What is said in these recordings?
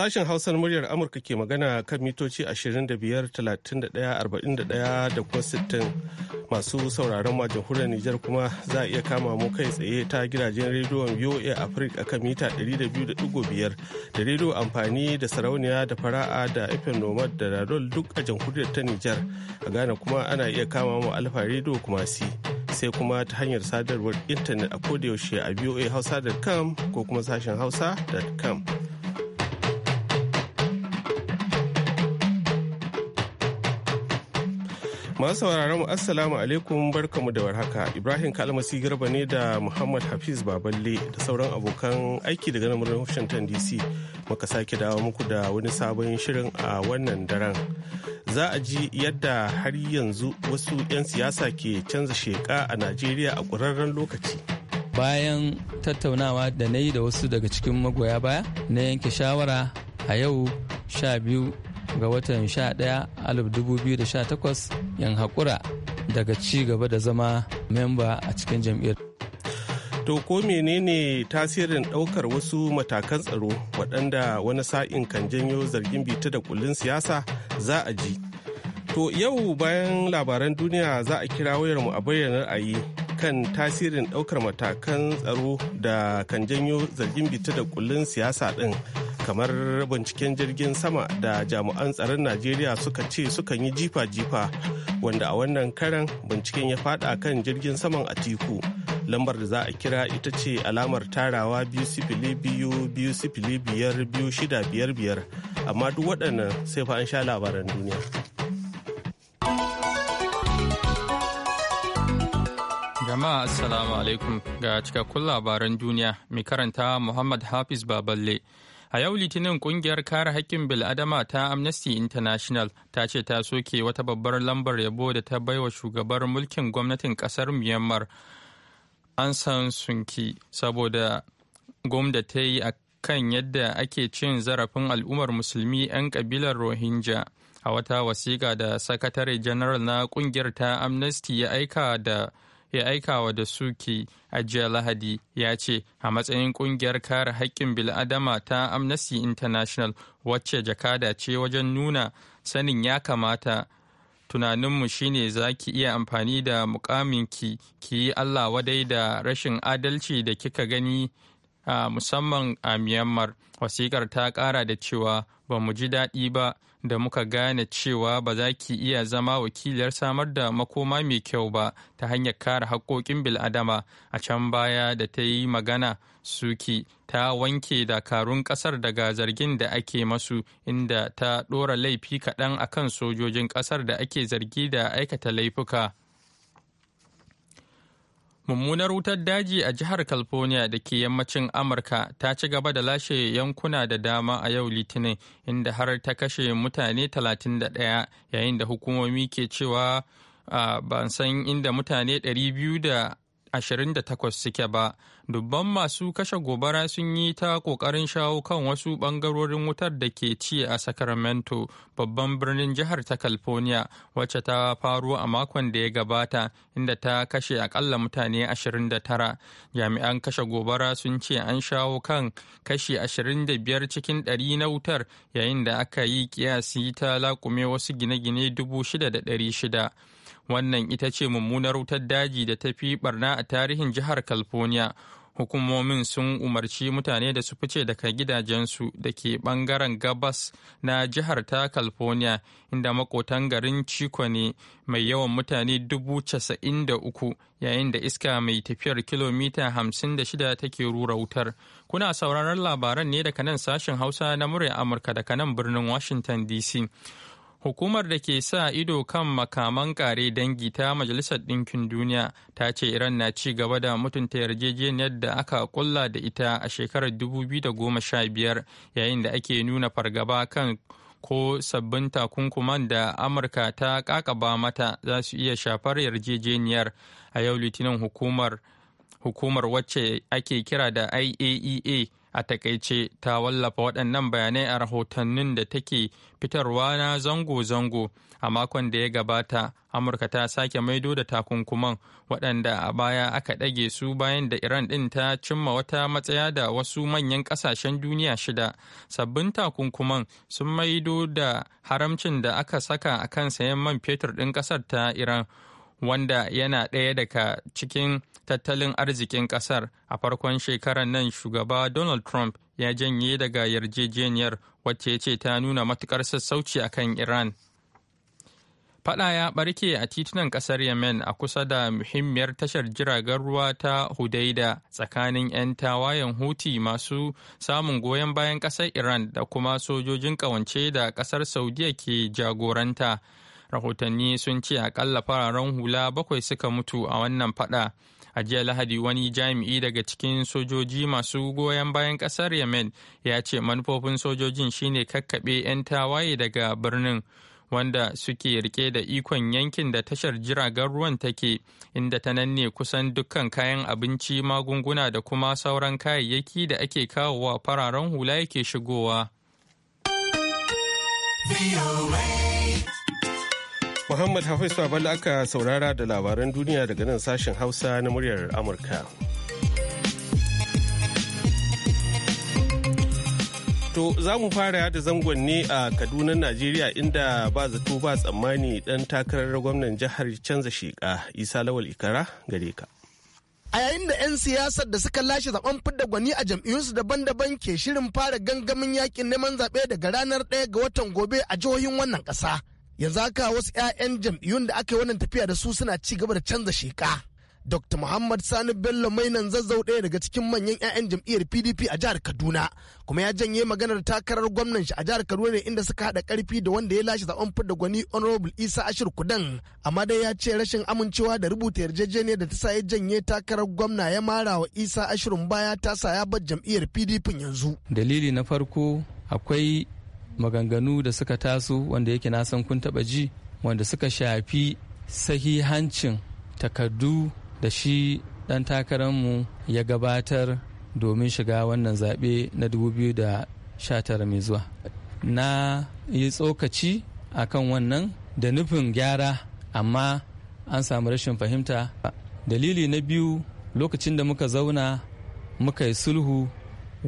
Sashen Hausar muryar Amurka ke magana kan mitoci 25-31-41 da kuma 60 masu sauraron ma jamhuriyar Nijar kuma za a iya kama mu kai tsaye ta gidajen rediyon VOA Africa kan mita 200.5 da rediyo amfani da sarauniya da fara'a da FM Nomad da Radol duk a jamhuriyar ta Nijar. A Ghana kuma ana iya kama mu Alfa rediyo kuma si. sai kuma ta hanyar sadarwar intanet a kodayaushe a voahausa.com ko kuma sashen hausa.com. Masu sauraron mu assalamu alaikum barkamu da warhaka Ibrahim Kalmasi Garba ne da Muhammad Hafiz Baballe da sauran abokan aiki daga namurin Washington DC muka sake dawo muku da wani sabon shirin a wannan daren. Za a ji yadda har yanzu wasu 'yan siyasa ke canza sheka a Najeriya a ƙurarren lokaci. Bayan tattaunawa da na yi da wasu daga cikin magoya baya na yanke shawara a yau sha ga watan 11 2018 yan haƙura daga ci gaba da zama memba a cikin jam'iyyar. To ko menene tasirin ɗaukar wasu matakan tsaro waɗanda wani sa'in kan janyo zargin bita da kullun siyasa za a ji. To yau bayan labaran duniya za a kira wayarmu a bayyana ra'ayi kan tasirin ɗaukar matakan tsaro da kan janyo zargin bita da kullun siyasa ɗin. kamar binciken jirgin sama da jami'an tsaron najeriya suka ce sukan yi jifa-jifa wanda a wannan karan binciken ya fada kan jirgin saman a tiku lambar da za a kira ita ce alamar tarawa biyu sifili biyu biyu sifili biyar biyu shida biyar biyar amma duk waɗannan sai fa an sha labaran duniya jama'a assalamu alaikum ga cikakkun labaran duniya mai karanta muhammad hafiz baballe A yau Litinin kungiyar kare haƙƙin bil'adama ta Amnesty International ta ce ta soke wata babbar lambar yabo da ta baiwa shugabar mulkin gwamnatin ƙasar Myanmar an san sunki saboda gwamnati ta yi a kan yadda ake cin zarafin al'ummar musulmi 'yan kabilar Rohingya. A wata wasiƙa da Sakatare General na kungiyar ta Amnesty ya aika da ya aikawa da suki ajiya lahadi ya ce a matsayin kungiyar kare haƙƙin bil'adama ta amnesty international wacce jakada ce wajen nuna sanin ya kamata tunaninmu shine za ki iya amfani da mukaminki ki yi allah wadai da rashin adalci da kika gani a musamman a myanmar wasikar ta kara da cewa ba mu ji daɗi ba da muka gane cewa ba za ki iya zama wakiliyar samar da makoma mai kyau ba ta hanyar kare haƙoƙin bil'adama a can baya da ta yi magana suki ta wanke dakarun ƙasar daga zargin da ake masu inda ta ɗora laifi kaɗan akan sojojin ƙasar da ake zargi da aikata laifuka. Mummunar wutar daji a jihar California da ke yammacin Amurka ta ci gaba da lashe yankuna da dama a yau Litinin inda har ta kashe mutane 31 yayin da hukumomi ke cewa ah, ban san inda mutane 200 da 28 suke ba dubban masu kashe gobara sun yi ta kokarin shawo kan wasu bangarorin wutar da ke ci a sacramento babban birnin jihar ta california wacce ta faru a makon da ya gabata inda ta kashe akalla mutane 29 jami'an kashe gobara sun ce an shawo kan kashe 25 cikin 100 na wutar yayin da aka yi kiyasi ta lakume wasu gine-gine 6,600 Wannan ita ce mummunar wutar daji da ta fi barna a tarihin jihar California. Hukumomin sun umarci mutane da su fice daga gidajensu da ke bangaren gabas na jihar ta California inda makotan garin Chico ne mai yawan mutane dubu casa'in uku yayin da iska mai tafiyar kilomita hamsin da shida take rura wutar. Kuna sauraron labaran ne daga nan sashen Hausa na murya Amurka daga nan birnin Washington DC. Hukumar da ke sa ido kan makaman kare dangi ta Majalisar Ɗinkin Duniya ta ce Iran na ci gaba da mutunta yarjejeniyar da aka kulla da ita a shekarar 2015 yayin da ake nuna fargaba kan ko sabbin takunkuman da Amurka ta kakaba mata za su iya shafar yarjejeniyar a yau litinin hukumar hukumar wacce ake kira da IAEA e a takaice ta wallafa waɗannan bayanai a rahotannin da take fitarwa na zango-zango a makon da ya gabata amurka ta sake maido da takunkuman waɗanda a baya aka ɗage su bayan da iran ɗin ta cimma wata matsaya da wasu manyan ƙasashen duniya shida sabbin takunkuman sun maido da haramcin da aka saka a kan sayan man fetur ɗin ƙasar ta iran wanda yana ɗaya daga cikin tattalin arzikin ƙasar a farkon shekarar nan shugaba donald trump ya janye daga yarjejeniyar wacce ya ce ta nuna matukar sassauci a kan iran Fada ya barke a titunan ƙasar Yemen a kusa da muhimmiyar tashar jiragen ruwa ta Hudaida tsakanin 'yan tawayen huti masu samun goyon bayan ƙasar Iran da kuma sojojin ƙawance da ƙasar Saudiya ke jagoranta rahotanni sun ce akalla fararen hula bakwai suka mutu a wannan fada a jiya lahadi wani jami'i daga cikin sojoji masu goyon bayan kasar yemen ya ce manufofin sojojin shine kakkaɓe 'yan tawaye daga birnin wanda suke rike da ikon yankin da tashar jiragen ruwan take inda ta nan ne kusan dukkan kayan abinci magunguna da kuma sauran kayayyaki da ake kawowa fararen hula yake shigowa. Muhammad Hafiz Babala aka saurara da labaran duniya daga nan sashen Hausa na muryar Amurka. To za mu fara da zangon ne a Kaduna, Najeriya inda ba zato ba tsammani dan takarar gwamnan jihar canza sheka Isa Lawal Ikara gare ka. a yayin da 'yan siyasar da suka lashe zaben fidda gwani a jam'iyyunsu daban-daban ke shirin fara gangamin yakin neman zaɓe daga ranar ɗaya ga watan gobe a jihohin wannan ƙasa. yanzu haka wasu 'ya'yan jam'iyyun da aka yi wannan tafiya da su suna ci gaba da canza sheka dr muhammad sani bello mai nan zazzau ɗaya daga cikin manyan 'ya'yan jam'iyyar pdp a jihar kaduna kuma ya janye maganar takarar gwamnan shi a jihar kaduna ne inda suka haɗa karfi da wanda ya lashe zaben fidda gwani honorable isa ashir kudan amma dai ya ce rashin amincewa da rubuta yarjejeniyar da ta sa ya janye takarar gwamna ya mara wa isa ashirin baya ta sa ya bar jam'iyyar pdp yanzu dalili na farko akwai maganganu da suka taso wanda yake na san kun taba ji wanda suka shafi sahihancin takardu da shi dan takararmu ya gabatar domin shiga wannan zaɓe na 2019 mai zuwa na yi tsokaci a kan wannan da nufin gyara amma an samu rashin fahimta dalili na biyu lokacin da muka zauna muka yi sulhu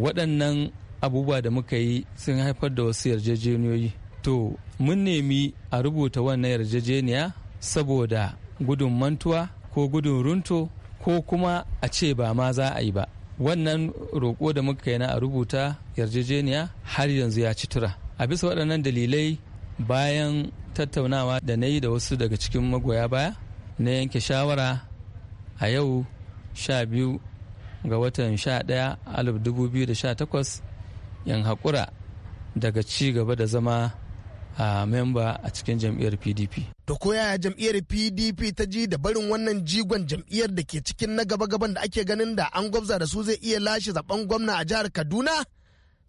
waɗannan abubuwa da muka yi sun haifar da wasu yarjejeniyoyi to mun nemi a rubuta wannan yarjejeniya saboda gudun mantuwa ko gudun runto ko kuma a ce ba ma za a yi ba wannan roƙo da muka yi na a rubuta yarjejeniya har yanzu ya ci tura a bisa waɗannan dalilai bayan tattaunawa da na yi da wasu daga cikin magoya baya na yanke shawara a yau biyu ga watan sha 2018 yan haƙura daga ci gaba da zama a memba a cikin jam'iyyar pdp to ko yaya jam'iyyar pdp ta ji da barin wannan jigon jam'iyyar da ke cikin na gaba-gaban da ake ganin da an gwabza da su zai iya lashe zaben gwamna a jihar kaduna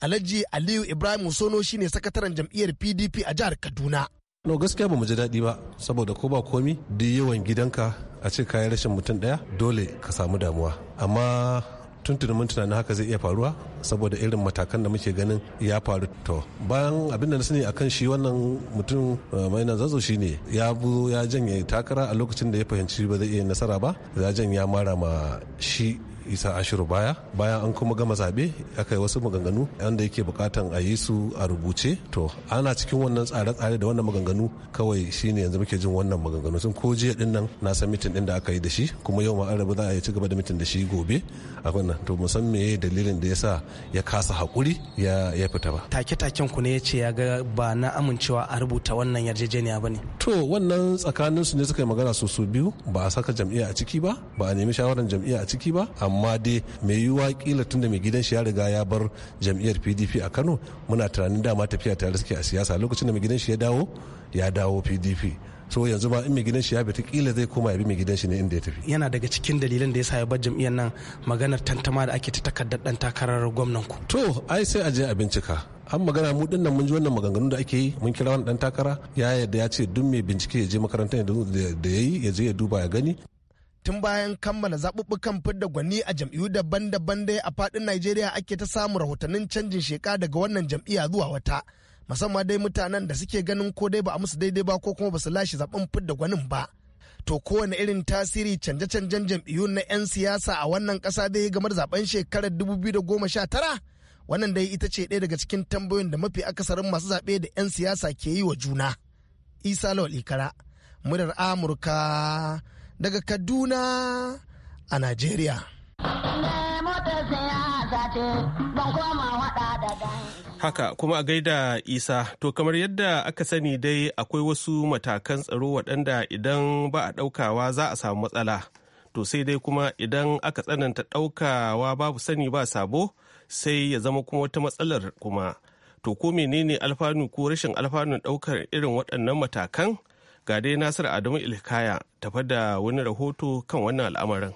alhaji aliyu ibrahim sono shine sakataren jam'iyyar pdp a jihar kaduna no gaskiya ba mu ji daɗi ba saboda ko ba komi duk yawan gidanka a ce kayan rashin mutum ɗaya dole ka samu damuwa amma tuntuni mun tunanin haka zai iya faruwa saboda irin matakan da muke ganin ya faru to bayan abin da na sani akan shi wannan mutum eh, mai nan zazo shine ya bu ya janye takara a lokacin da ya fahimci ba zai iya nasara ba ya janye ya mara ma shi isa ashiru baya bayan an kuma gama zaɓe aka yi wasu maganganu wanda yake bukatan a yi su a rubuce to ana cikin wannan tsare-tsare da wannan maganganu kawai shine yanzu muke jin wannan maganganu sun ko jiya din nan na san mitin din da aka yi da shi kuma yau ma an za a yi ci gaba da mitin da shi gobe a wannan to mu san dalilin da yasa ya kasa hakuri ya ya fita ba take-taken ku ne ya ce ya ga ba na amincewa a rubuta wannan yarjejeniya ba ne to wannan tsakanin su ne suka yi magana su su biyu ba a saka jam'iyya a ciki ba ba a nemi shawaran jam'iyya a ciki ba amma dai mai yiwuwa kila tunda mai gidan shi ya riga ya bar jam'iyyar pdp a kano muna tunanin dama tafiya tare suke a siyasa lokacin da mai gidan shi ya dawo ya dawo pdp so yanzu ba in mai gidan shi ya bi kila zai koma ya bi mai gidan shi ne inda ya tafi yana daga cikin dalilan da ya sa ya bar jam'iyyar nan maganar tantama da ake ta takardar dan takarar gwamnan ku to ai sai a je a bincika an magana mu din nan mun ji wannan maganganun da ake yi mun kira wani dan takara ya yadda ya ce duk mai bincike ya je makarantar da ya yi ya je ya duba ya gani tun bayan kammala zaɓuɓɓukan fidda gwani a jam'iyyu daban-daban dai a faɗin Najeriya ake ta samun rahotannin canjin sheka daga wannan jam'iyya zuwa wata. Musamman dai mutanen da suke ganin ko dai ba a musu daidai ba ko kuma ba su lashe zaɓen fidda gwanin ba. To kowane irin tasiri canje-canjen jam'iyyu na 'yan siyasa a wannan ƙasa dai game da zaɓen shekarar tara. Wannan dai ita ce ɗaya daga cikin tambayoyin da mafi akasarin masu zaɓe da 'yan siyasa ke yi wa juna. Isa Lawal Ikara, murar Amurka daga Kaduna a Najeriya. Haka kuma a gaida Isa, to kamar yadda aka sani dai akwai wasu matakan tsaro waɗanda idan ba a ɗaukawa za a samu matsala. To sai dai kuma idan aka tsananta ɗaukawa babu sani ba sabo sai ya zama kuma wata matsalar kuma. To ko menene alfanu ko rashin alfanun ɗaukar irin waɗannan matakan? ga dai nasir adamu ilkaya tafa da wani rahoto kan wannan al'amarin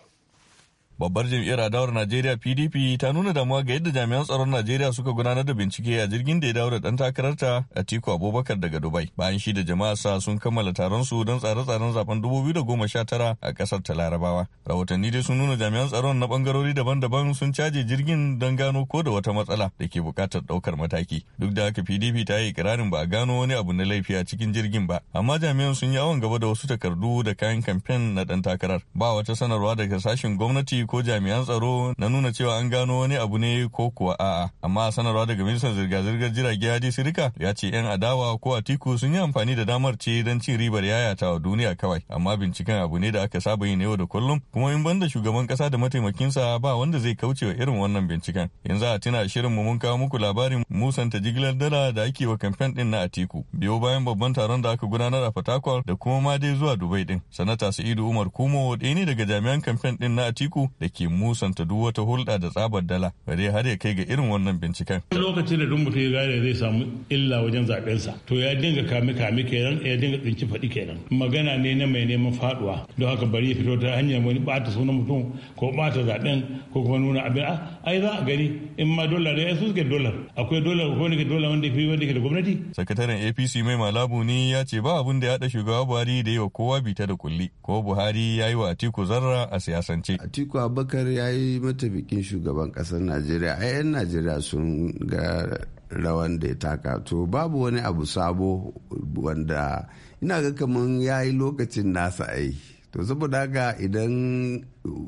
babbar jam'iyyar adawar najeriya pdp ta nuna damuwa ga yadda jami'an tsaron najeriya suka gudanar da bincike a jirgin da ya dawo da dan takararta a tiku abubakar daga dubai bayan shi da jama'a sa sun kammala taron su don tsare-tsaren zaben 2019 a kasar ta larabawa rahotanni dai sun nuna jami'an tsaron na bangarori daban-daban sun caje jirgin don gano ko da wata matsala da ke bukatar ɗaukar mataki duk da haka pdp ta yi ikirarin ba a gano wani abu na laifi a cikin jirgin ba amma jami'an sun yi awon gaba da wasu takardu da kayan kamfen na dan takarar ba wata sanarwa daga sashen gwamnati ko jami'an tsaro na nuna cewa an gano wani abu ne ko kuwa a'a amma sanarwa daga ministan zirga-zirgar jirage hadi sirika ya ce yan adawa ko atiku sun yi amfani da damar ce don cin ribar yayata wa duniya kawai amma binciken abu ne da aka saba yin yau da kullum kuma in banda shugaban kasa da mataimakinsa ba wanda zai kauce wa irin wannan binciken yanzu a tuna shirin mu mun kawo muku labarin musanta jigilar dala da ake wa kamfen din na atiku biyo bayan babban taron da aka gudanar a fatakwal da kuma ma dai zuwa dubai din sanata sa'idu umar kumo ɗaya ne daga jami'an kamfen din na atiku da ke musanta duk wata hulɗa da tsabar dala bare har ya kai ga irin wannan binciken. lokacin da duk mutum ya gane zai samu illa wajen zaɓensa to ya dinga kame kame kenan ya dinga tsinci faɗi kenan magana ne na mai neman faɗuwa don haka bari ya fito ta hanyar wani ɓata sunan mutum ko ɓata zaɓen ko kuma nuna abin a ah, ai za a gani in ma dola da ya su suke dolar akwai dolar ko ne dolar wanda fi wanda ke da gwamnati. sakataren apc mai malabu ne ya ce ba abin da ya haɗa shugaba buhari da yi wa kowa bita da kulli ko buhari ya yi wa atiku zarra a siyasance. atiku abubakar ya yi mata bikin shugaban ƙasar najeriya a 'yan najeriya sun ga rawan da ya taka to babu wani abu sabo wanda ina ga kamar ya yi lokacin nasa ai to saboda haka idan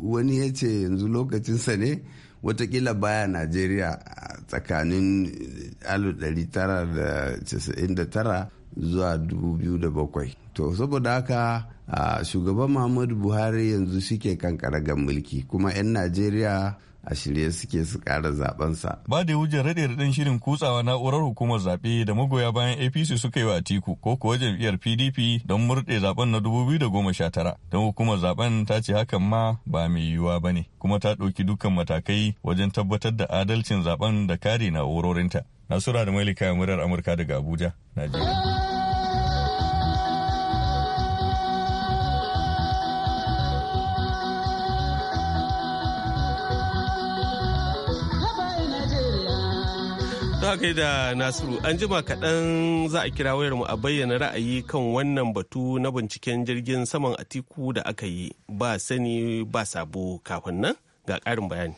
wani ya ce yanzu lokacinsa ne watakila baya najeriya tsakanin 1999 zuwa 2007 to saboda haka shugaban muhammadu buhari yanzu shike kankara ga mulki kuma 'yan najeriya a shirye suke su kara zabensa. Ba da wujen rade raɗin shirin kutsawa na'urar hukumar zaɓe da magoya bayan APC suka yi wa Atiku ko kuwa jam'iyyar PDP don murɗe zaben na 2019 don hukumar zaben ta ce hakan ma ba mai yiwuwa ba ne kuma ta ɗauki dukkan matakai wajen tabbatar da adalcin zaben da kare na'urorinta. Nasura da Malika Murar Amurka daga Abuja, Najeriya. a da Nasiru, an jima kaɗan za a kira wayarmu a bayyana ra'ayi kan wannan batu na binciken jirgin saman atiku da aka yi ba sani ba sabo kafin nan ga ƙarin bayani.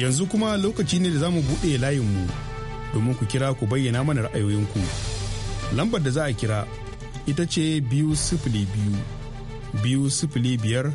Yanzu kuma lokaci ne da za mu buɗe layinmu domin ku kira ku bayyana mana ra'ayoyinku. Lambar da za a kira ita ce biyu sifili biyu, biyu sifili biyar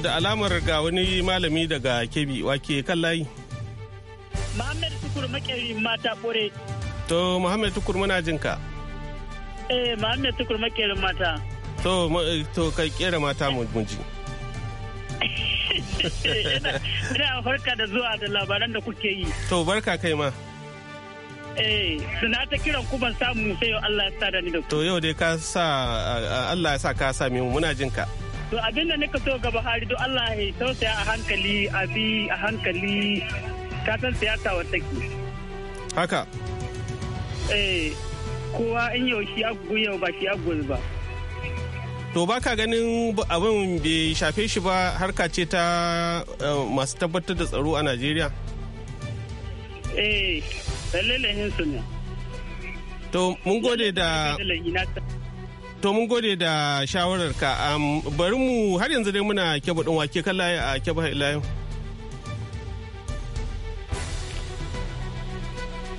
da alamar ga wani malami daga Kebbi wake kan layi. Muhammad Tukur makeri mata kore. To Muhammad Tukur muna jin ka. Eh Muhammad Tukur makeri mata. To to kai kera mata mu ji. Ina farka da zuwa da labaran da kuke yi. To barka kai ma. Eh, suna ta kiran ku ban samu sai yau Allah ya sa da ni da To yau dai ka sa Allah ya sa ka sa mu muna jin ka. to abin da nika so ga buhari don allah ya tausaya a hankali a bi a hankali kasan siyasa wata ke haka eh kowa in yau shi agu yau ba shi agu ba to ba ka ganin abin bai shafe shi ba harka ce ta eh, masu tabbatar da tsaro a najeriya eh lallai su ne to mun gode da To mun gode da shawarar ka bari mu har yanzu dai muna kyabu ɗin wake kan layi a kyabu layi.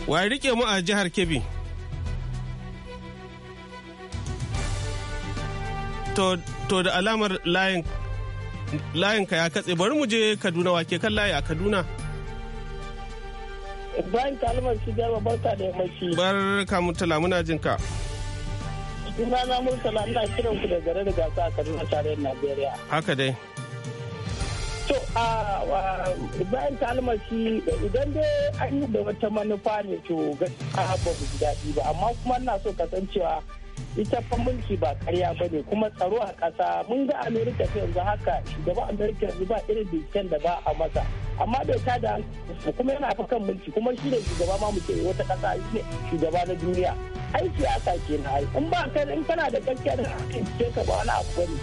Wa rike mu a jihar Kebbi? To da alamar layin ka ya katse bari mu je kaduna wake kan layi a kaduna bayan kalmar shi jarba barka da mashi barka mutala muna jinka Sunana Murtala ina kiran ku da gare da gasa a Kaduna tarayyar Najeriya. Haka dai. To a bayan kalmashi idan dai an yi da wata manufa ne to gaskiya ba mu ji daɗi ba amma kuma ina so kasancewa ita fa mulki ba karya ba ne kuma tsaro a ƙasa mun ga amerika ta yanzu haka shugaban amerika yanzu ba irin binciken da ba a masa amma bai ta da kuma yana fa kan mulki kuma shi ne shugaba ma muke wata kasa shi ne shugaba na duniya ai siyasa ke na ai in ba kai in kana da gaskiya da hakan ce ka ba wani abu bane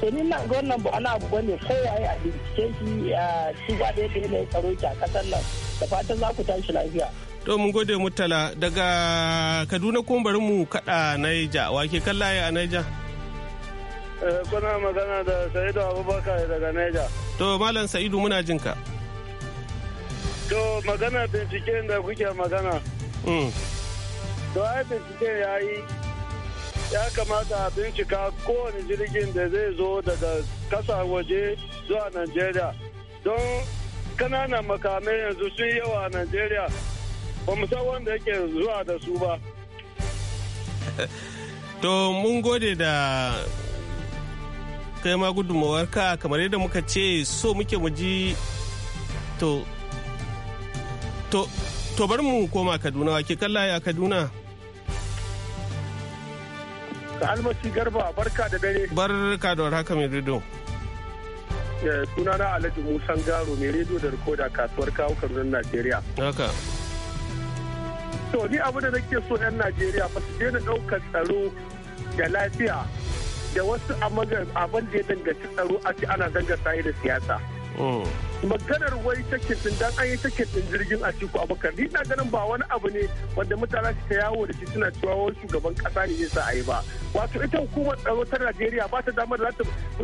to ni na ga wannan ba wani abu bane kowaye a bincike shi shi ba da yake ne tsaro ki a kasar nan da fatan za ku tashi lafiya To mun gode Murtala daga Kaduna kuma bari mu kada Naija wa ke kallaye a Naija. Eh, kuna magana da Sa'idu Abubakar daga Naija. To Malam Sa'idu muna jinka. To magana binciken da kuke magana. Mm. To ai bincike ya yi ya kamata a bincika kowane jirgin da zai zo daga kasa waje zuwa Najeriya. Don kananan makamai yanzu sun yawa a Najeriya ba mu san wanda yake zuwa da su ba. To mun gode da kai ma gudunmawarka kamar yadda muka ce so muke mu ji to To, to mu koma Kaduna wake kalla ya Kaduna. Ka almasi garba barka da dare. Barka da warhaka mai rido. Sunana Alhaji Musan Garo mai rediyo da rikoda kasuwar kawo Kaduna Najeriya. Haka. To ni abu da nake so 'yan Najeriya ba su daina ɗaukar tsaro da lafiya da wasu abin da ya danganci tsaro a ce ana zanga sayi da siyasa. maganar wai ta din dan an yi ta din jirgin a ciku abakar ni na ganin ba wani abu ne wanda mutane su ta yawo da shi suna cewa wani shugaban kasa ne zai sa a yi ba wato ita hukumar tsaro ta Najeriya ba ta damar za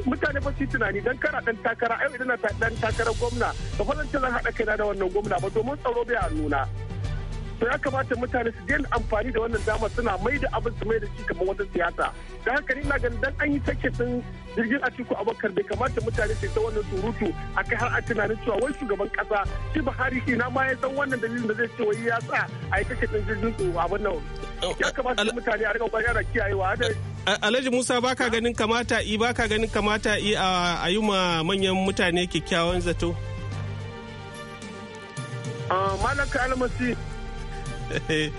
mutane ba su tunani dan kana dan takara ai idan na dan takarar gwamna ka fara cewa haɗa kai da wannan gwamna ba domin tsaro bai a nuna to ya kamata mutane su daina amfani da wannan dama suna mai da abin su mai da shi kamar wata siyasa da haka ni na ganin dan an yi take sun jirgin a cikin abakar bai kamata mutane su ta wannan surutu a kai har a tunanin cewa wai shugaban kasa shi buhari shi na ma ya san wannan dalilin da zai ce wai ya sa a yi take sun jirgin su abin nan ya kamata mutane a riga kwari ana kiyayewa da Alhaji Musa baka ganin kamata i baka ganin kamata i a yi ma manyan mutane kyakkyawan zato. Ah, Malaka Almasi Eh,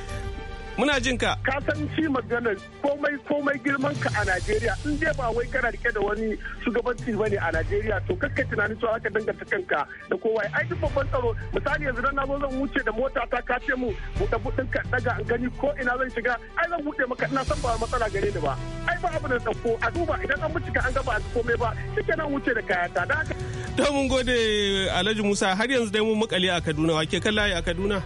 muna jin ka ka san shi magana komai komai girman ka a Najeriya in dai ba wai kana rike da wani shugabanci ba ne a Najeriya to kakka tunanin cewa ka danganta kanka da kowa ai duk babban tsaro misali yanzu dan nazo zan wuce da mota ta ka ce mu buɗe buɗin ka daga an gani ko ina zan shiga ai zan buɗe maka ina san ba matsala gare ni ba ai ba abu da dauko a duba idan an ka an ga ba komai ba shike nan wuce da kayata da haka to mun gode Alhaji Musa har yanzu dai mun makale a Kaduna wake kan layi a Kaduna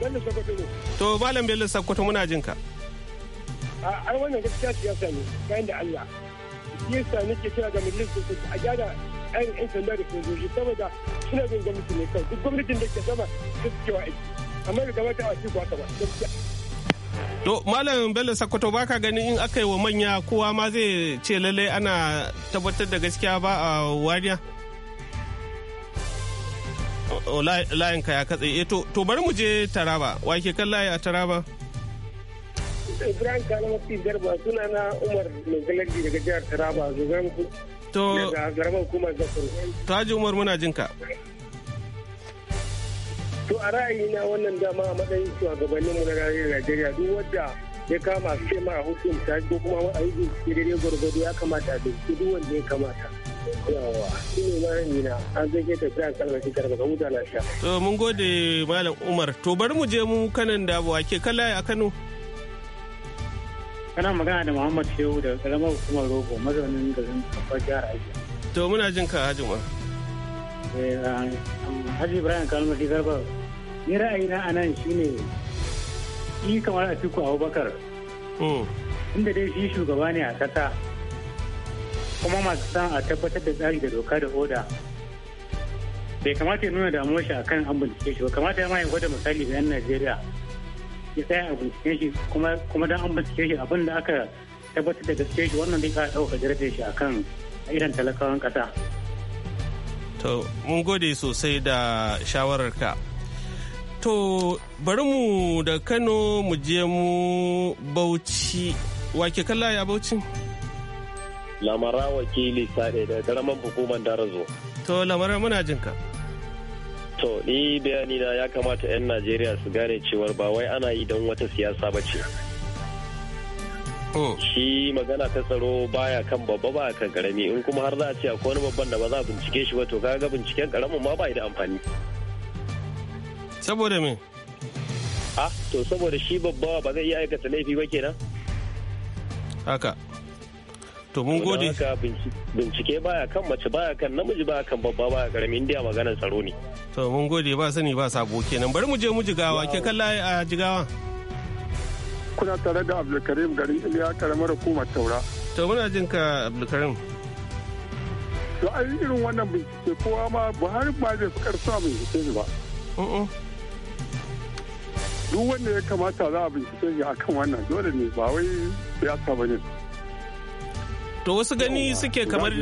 Bello Sokoto ne. To Malam Bello Sokoto muna jin ka. A ai wannan gaskiya siyasa ne kayan da Allah. Siyasa nake cewa ga majalisar su a gyara ayin yan sanda da sojoji saboda suna bin gwamnati ne kawai duk gwamnatin da ke sama su suke wa aiki. Amma da gabata a cikin kwata ba. To Malam Bello Sokoto ka ganin in aka yi wa manya kowa ma zai ce lallai ana tabbatar da gaskiya ba a wariya. layin ka ya katse eh, to bari mu je taraba wa ke kan layi a taraba Ibrahim Kalama Garba suna na Umar Magaladi daga jihar Taraba zugan ku. To Taji Umar muna jin ka. To a ra'ayina wannan dama a matsayin shugabannin mu na Najeriya duk wadda ya kama sai ma a hukunta ko kuma a yi daidai gwargwado ya kamata a duk wanda ya kamata. yawa an zai kalmar shi to mun gode malam umar to bari mu je mu kanan da abuwa ke kala a kano kana magana da muhammad shehu da karamar hukumar rogo mazaunin garin babbar jihar aiki to muna jin ka haji umar eh, ah, haji ibrahim kalmar shi karba ni ra'ayina a nan ne shi kamar a tiku abubakar hmm. inda dai shi shugaba ne a kasa kuma masu san a tabbatar da tsari da doka da oda bai kamata ya nuna damuwar shi akan an bincike shi ba kamata ya ma gwada misali ga 'yan najeriya ya tsaya a bincike shi kuma don an bincike shi abin da aka tabbatar da gaske shi wannan zai kara ɗauka jirgin shi akan irin talakawan kasa. to mun gode sosai da shawararka to bari mu da kano mu je mu bauchi wake kalla ya bauchi. lamara wakili sade da karamar hukumar darazo to lamara muna jinka to ni bayani na ya kamata 'yan najeriya su gane cewar ba wai ana yi don wata siyasa ba ce shi magana ta tsaro baya kan babba ba kan karami in kuma har za a ce akwai wani babban da ba za a bincike shi ba to kaga binciken karamin ma ba da amfani saboda me ah to saboda shi babba ba zai iya aikata laifi ba kenan haka to mun gode bincike baya kan mace baya kan namiji baya kan babba baya karamin indiya maganar tsaro ne to mun gode ba sani ba sabo kenan bari mu je mu jigawa ke kalla a jigawa kuna tare da abdulkarim garin iliya karamar hukumar taura to muna jin ka abdulkarim to ai irin wannan bincike kowa ma buhari ba zai fi karsa bincike shi ba duk wanda ya kamata za a bincike shi akan wannan dole ne ba wai siyasa ba ne To wasu gani suke kamar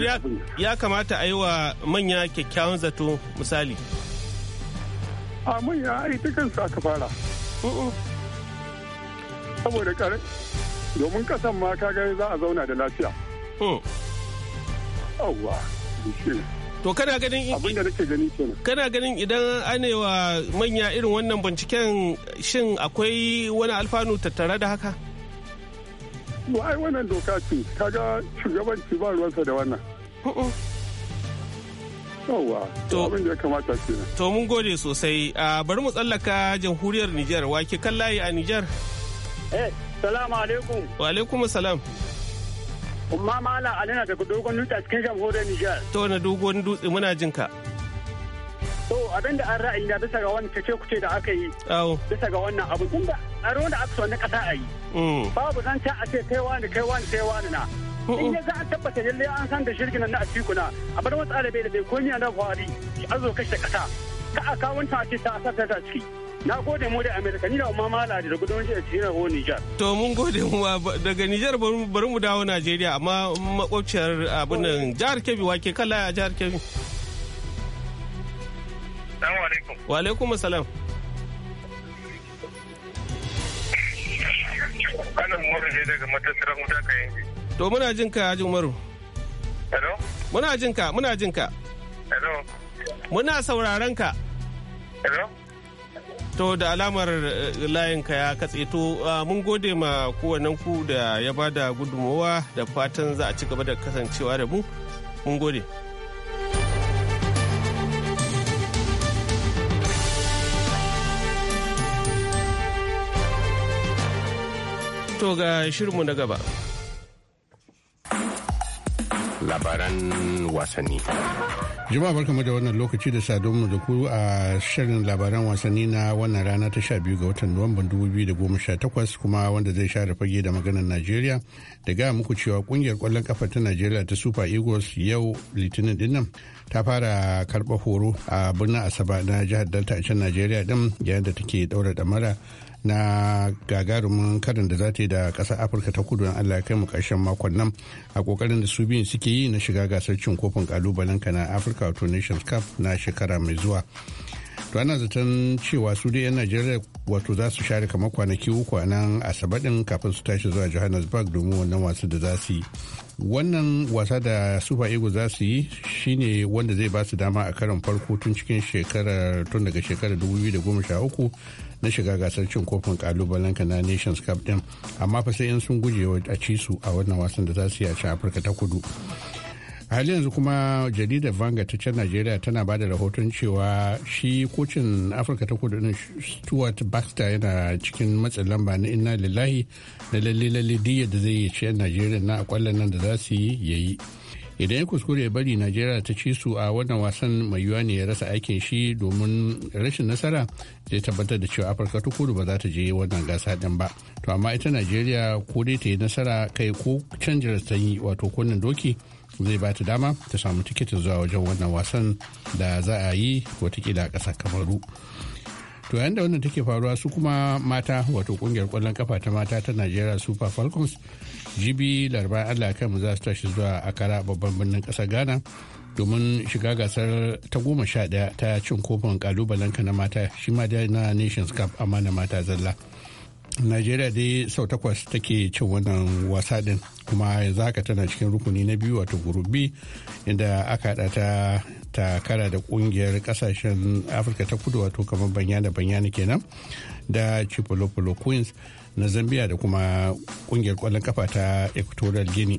ya kamata a yi wa manya kyakkyawan zato misali. A manya ai ta kansu aka fara. Saboda kare domin kasan ma gani za a zauna da lafiya. Mm. Yawwa, To kana ganin abinda nake gani kenan. Kana ganin idan anewa manya irin wannan binciken shin akwai wani alfanu tattare da haka? mu ai wannan doka ce kaga shugabanci ba ruwansa da wannan uh-uh. to kamata ce to mun gode sosai bari mu tsallaka jamhuriyar Nijar wake kan layi a Nijar eh salamu alaikum wa alaikum salam umma mala alina daga dogon dutse cikin jamhuriyar Nijar to na dogon dutse muna jinka ka to abin da an ra'ayi na bisa ga wani kace kuce da aka yi bisa ga wannan abu tun da tsaro da aka na kasa a yi mm. babu zan ta a ce kai wani kai wani kai wani na in ya za a tabbata lalle an san da shirgin na a na. a bar wasu arabe da bai komi a na buhari a zo kashe kasa ka a wani ta ce ta a ta ciki na gode mu da amerika ni da umma mala da gudun shi cikin rawo nijar to mun gode mu daga nijar bari mu dawo najeriya amma makwabciyar abin nan jihar kebbi wake kala a jihar kebbi Assalamu alaikum. Wa alaikum assalam. Kanan Umaru daga matattara wuta ka yanki. To muna jin ka Haji Umaru. Hello? Muna jin ka, muna jin ka. Hello? Muna sauraron ka. Hello? To da alamar eh, layinka ya katse to ah, mun gode ma kowannen ku da ya bada gudunmawa da fatan za a ci gaba da kasancewa da mu. Mun gode. To ga shirinmu na gaba. Labaran wasanni. Juma barkamu da wannan lokaci da sadonmu da ku a shirin labaran wasanni na wannan rana ta sha biyu ga watan Nuwamban 2018 kuma wanda zai share fage da maganar Najeriya da gaya muku cewa kungiyar kwallon kafa ta Najeriya ta Super Eagles yau Litinin dinnan ta fara karɓar horo a birnin Asaba na jihar Delta a can Najeriya din yayin da take daura damara na gagarumin karin da za ta yi da ƙasar afirka ta kudu in allah kai mu ƙarshen makon nan a ƙoƙarin da su biyun suke yi na shiga gasar cin kofin ƙalubalen na afirka wato nations cup na shekara mai zuwa to ana zaton cewa su dai 'yan najeriya wato za su share kamar kwanaki uku a nan asabar din kafin su tashi zuwa johannesburg domin wannan wasu da za su yi wannan wasa da super eagles za su yi shine wanda zai ba su dama a karon farko tun cikin shekarar tun daga shekarar 2013 na shiga gasar cin kofin kalubalen na nations cup din amma fa sai in sun guje a ci su a wannan wasan da za su yi a can afirka ta kudu hali yanzu kuma jaridar vanga ta can najeriya tana ba da rahoton cewa shi kocin afirka ta kudu stuart baxter yana cikin matsin lamba na inna lillahi na lalle lalle diya da zai ci yan najeriya na akwallon nan da za su yi ya yi idan ya kuskure ya bari najeriya ta ci su a wannan wasan mai yiwuwa ne ya rasa aikin shi domin rashin nasara zai tabbatar da cewa afirka ta kudu ba za ta je wannan gasa din ba to amma ita najeriya ko dai ta yi nasara kai ko canjin ta yi wato kunnen doki zai ba ta dama ta samu tikitin zuwa wajen wannan wasan da za a yi watakila a ƙasar kamaru to yayin da wannan take faruwa su kuma mata wato kungiyar kwallon kafa ta mata ta najeriya super falcons jibi laraba allah kan za su tashi zuwa a akara babban birnin ƙasar ghana domin shiga gasar ta goma sha ɗaya ta cin kofin kalubalenka na mata shi ma da na nations cup amma na mata zalla najeriya dai sau takwas take cin wannan wasa din kuma yanzu haka tana cikin rukuni na biyu wato gurubi inda aka hada ta takara da kungiyar kasashen afirka ta kudu wato kamar banyana banyana kenan da chipolopolo queens na zambia da kuma kungiyar kwallon kafa ta equatorial guinea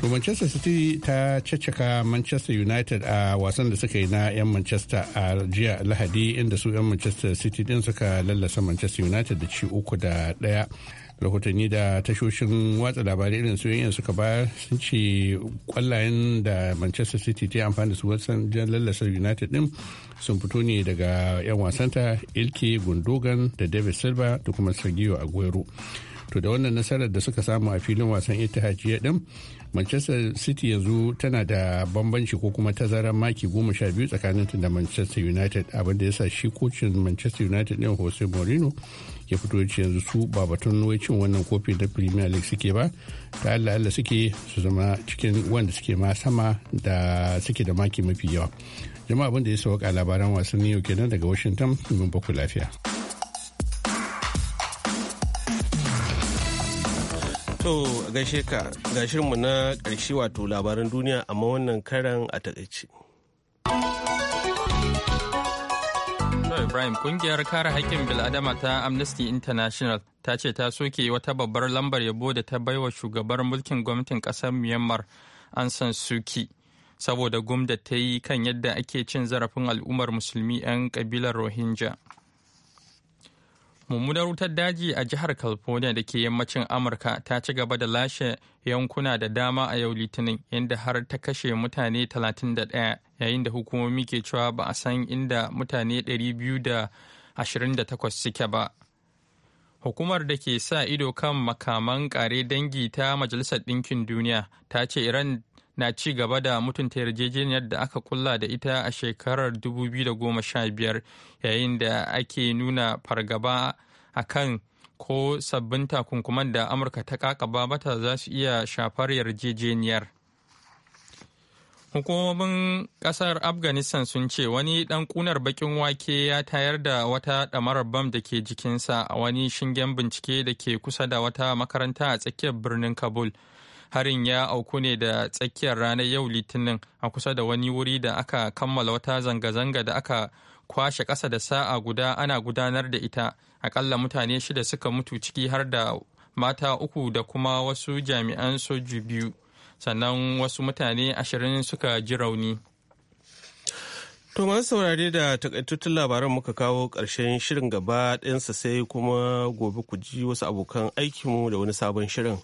to manchester city ta caccaka manchester united a wasan da suka yi na 'yan manchester a jiya lahadi inda su 'yan manchester city din suka lallasa manchester united da ci uku da daya rahotanni da tashoshin watsa labarai irin su yanyan suka bayar sun ce kwallayen da manchester city ta yi amfani da su wasan lallasa united din sun fito ne daga 'yan wasanta ilke gundogan da david silva da kuma sergio aguero to da wannan nasarar da suka samu a filin wasan Etihad jiya din Manchester City yanzu tana da bambanci ko kuma tazarar maki goma sha biyu tsakaninta da Manchester United abinda ya sa shi kocin Manchester United din Jose morino ya fito ya yanzu su ba batun wai cin wannan kofi na Premier League suke ba ta Allah Allah suke su zama cikin wanda suke ma sama da suke da maki mafi yawa jama'a da ya sauka labaran wasanni yau kenan daga Washington mun baku lafiya. To gaishe ka ga shirinmu na ƙarshe wato labaran duniya amma wannan karan a takaice. Ibrahim kungiyar kare haƙƙin bil'adama ta Amnesty International ta ce ta soke wata babbar lambar yabo da ta baiwa shugabar mulkin gwamnatin ƙasar Myanmar an san Suki saboda gum da ta yi kan yadda ake cin zarafin al'ummar musulmi 'yan kabilar Rohingya. mummunar wutar daji a jihar california da ke yammacin amurka ta ci gaba da lashe yankuna da dama a yau litinin inda har ta kashe mutane 31 yayin da hukumomi ke cewa ba a san inda mutane 228 suke ba hukumar da ke sa ido kan makaman kare dangi ta majalisar ɗinkin duniya ta ce iran na ci gaba da mutunta yarjejeniyar da aka kulla da ita a shekarar 2015 yayin da ake nuna fargaba a kan ko sabbin takunkuman da amurka ta kakaba mata za su iya shafar yarjejeniyar hukumomin kasar afghanistan sun ce wani dan kunar bakin wake ya tayar da wata damarar bam da ke jikinsa a wani shingen bincike da ke kusa da wata makaranta a tsakiyar birnin kabul harin ya auku ne da tsakiyar ranar yau litinin a kusa da wani wuri da aka kammala wata zanga-zanga da aka kwashe ƙasa da sa'a guda ana gudanar da ita akalla mutane shida suka mutu ciki har da mata uku da kuma wasu jami'an soji biyu sannan wasu mutane ashirin suka ji rauni. To masu saurare da takaitattun labaran muka kawo ƙarshen shirin gaba ɗinsa sai kuma gobe ku ji wasu abokan mu da wani sabon shirin.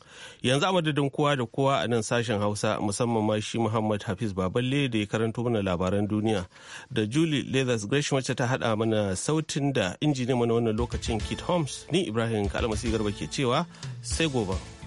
Yanzu a madadin kowa da kowa a nan sashen Hausa musamman ma shi Muhammad Hafiz Baballe da ya karanto mana labaran duniya da Julie Leathers Gresham wacce ta haɗa mana sautin da injini mana wannan lokacin Kit Holmes ni Ibrahim Kalmasi Garba ke cewa sai gobe.